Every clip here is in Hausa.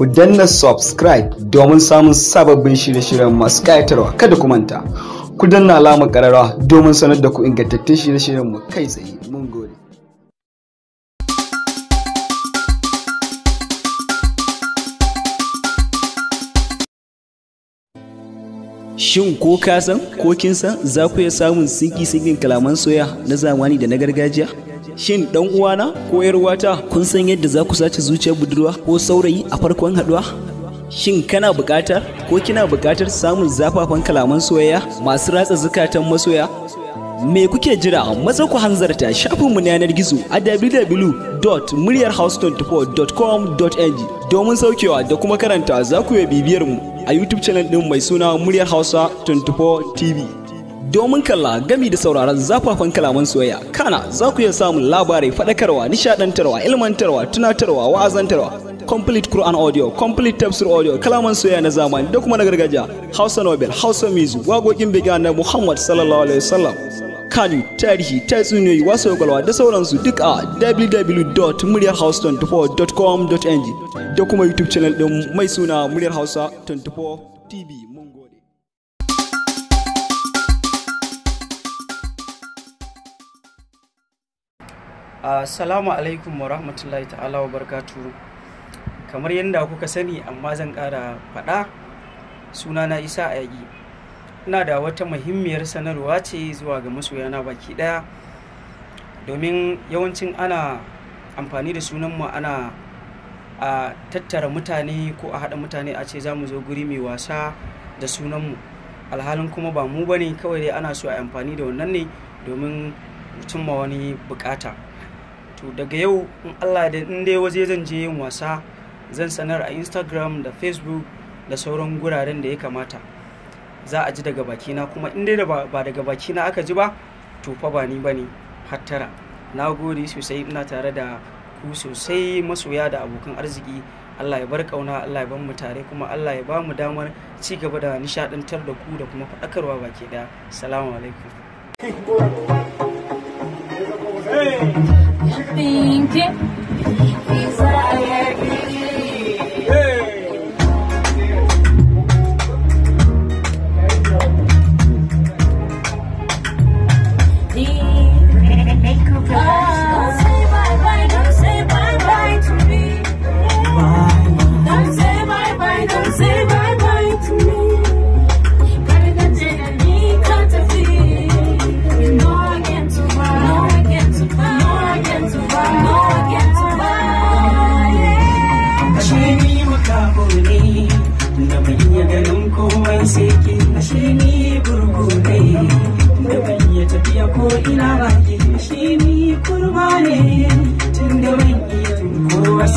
ku danna subscribe domin samun sababbin shirye-shiryen masu kayatarwa kada ku manta ku danna alamar kararwa domin sanar da ku ingantattun shirye-shiryen mu kai tsaye mun gode Shin ko ka san ko kin san za ku iya samun sinki-sinkin kalaman soya na zamani da na gargajiya? shin dan uwana ko yar uwata kun san yadda za ku sace zuciyar budurwa ko saurayi a farkon haduwa shin kana buƙatar ko kina buƙatar samun zafafan kalaman soyayya masu ratsa zukatan masoya me kuke jira maza ku hanzarta shafinmu na yanar gizo a www.muryarhouse24.com.ng domin saukewa da kuma karanta za ku yi bibiyar mu a youtube channel din mai suna muryar hausa 24 tv domin kalla gami da sauraron zafafan kalaman soyayya kana za ku iya samun labarai faɗakarwa nishaɗantarwa ilmantarwa tunatarwa wa'azantarwa complete Quran audio complete tafsir audio kalaman soyayya na zamani da kuma na gargajiya Hausa Nobel Hausa Mizu, wagogin biga na Muhammad sallallahu alaihi wasallam kanu tarihi tatsuniyoyi wasu gwalwa da sauransu duk a www.muryarhausa24.com.ng da kuma YouTube channel ɗin mai suna Muryar Hausa 24 TV. Assalamu alaikum wa rahmatullahi ta'ala wa barkatu. Kamar yadda kuka sani amma zan ƙara faɗa sunana Isa Ayagi. Ina da wata muhimmiyar sanarwa ce zuwa ga masoyana baki ɗaya domin yawancin ana amfani da sunanmu ana a tattara mutane ko a haɗa mutane a ce za mu zo guri mai wasa da sunanmu. alhalin kuma ba mu bane kawai dai ana so a amfani da wannan ne domin cimma wani bukata to daga yau in allah da in dai waje zan je yin wasa zan sanar a instagram da facebook da sauran guraren da ya kamata za a ji daga bakina kuma in dai ba daga bakina aka ji ba to fa ba ni ba ne hattara na gode sosai ina tare da ku sosai masoya da abokan arziki allah ya bar kauna allah ya ban mu tare kuma allah ya ba mu damar ci gaba da nishadantar da ku da kuma faɗakarwa baki da salamu alaikum Hey! Pink, is I agree. Hey. He,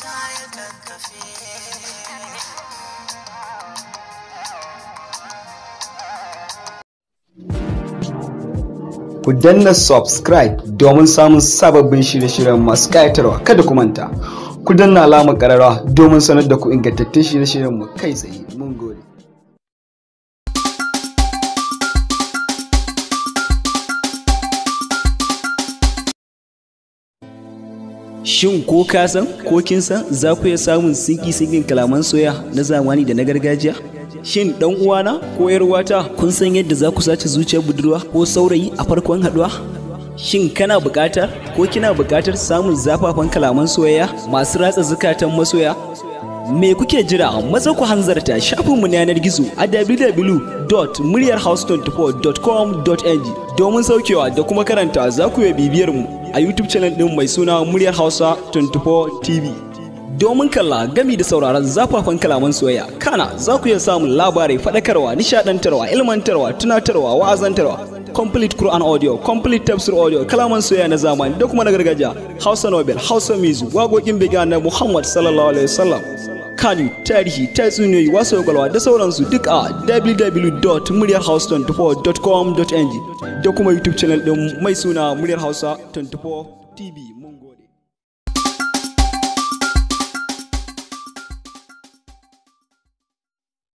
ku danna subscribe domin samun sababbin shirye-shiryen masu kayatarwa, kada ku manta ku danna alamar ƙararwa domin sanar da ku ingantattun shirye-shiryen mu kai tsaye shin ko ka san ko kin san za ku iya samun sinki sinkin kalaman soya na zamani da na gargajiya shin dan uwana ko yar uwata kun san yadda za ku sace zuciyar budurwa ko saurayi a farkon haduwa Shin kana buƙatar ko kina bukatar samun zafafan kalaman soyayya masu ratsa zukatan masoya me kuke jira maza ku hanzarta shafinmu na yanar gizo a www.muryarhouse24.com.ng domin saukewa da kuma karanta za ku iya bibiyar mu a YouTube channel ɗin mai suna Muryar Hausa 24 TV. Domin kalla gami da sauraron zafafan kalaman soyayya, kana za ku iya samun labarai faɗakarwa, nishaɗantarwa, ilmantarwa, tunatarwa, wa'azantarwa. complete Quran audio, complete tafsir audio, kalaman soyayya na zamani da kuma na gargajiya, Hausa Nobel, Hausa Mizu, wagogin biga na Muhammad sallallahu alaihi wasallam. kanu tarihi tatsuniyoyi wasu kwakwalwa da sauransu duk a wwwmuryarhouse 24comng da kuma youtube channel ɗin mai suna muryar hausa 24 tv mungo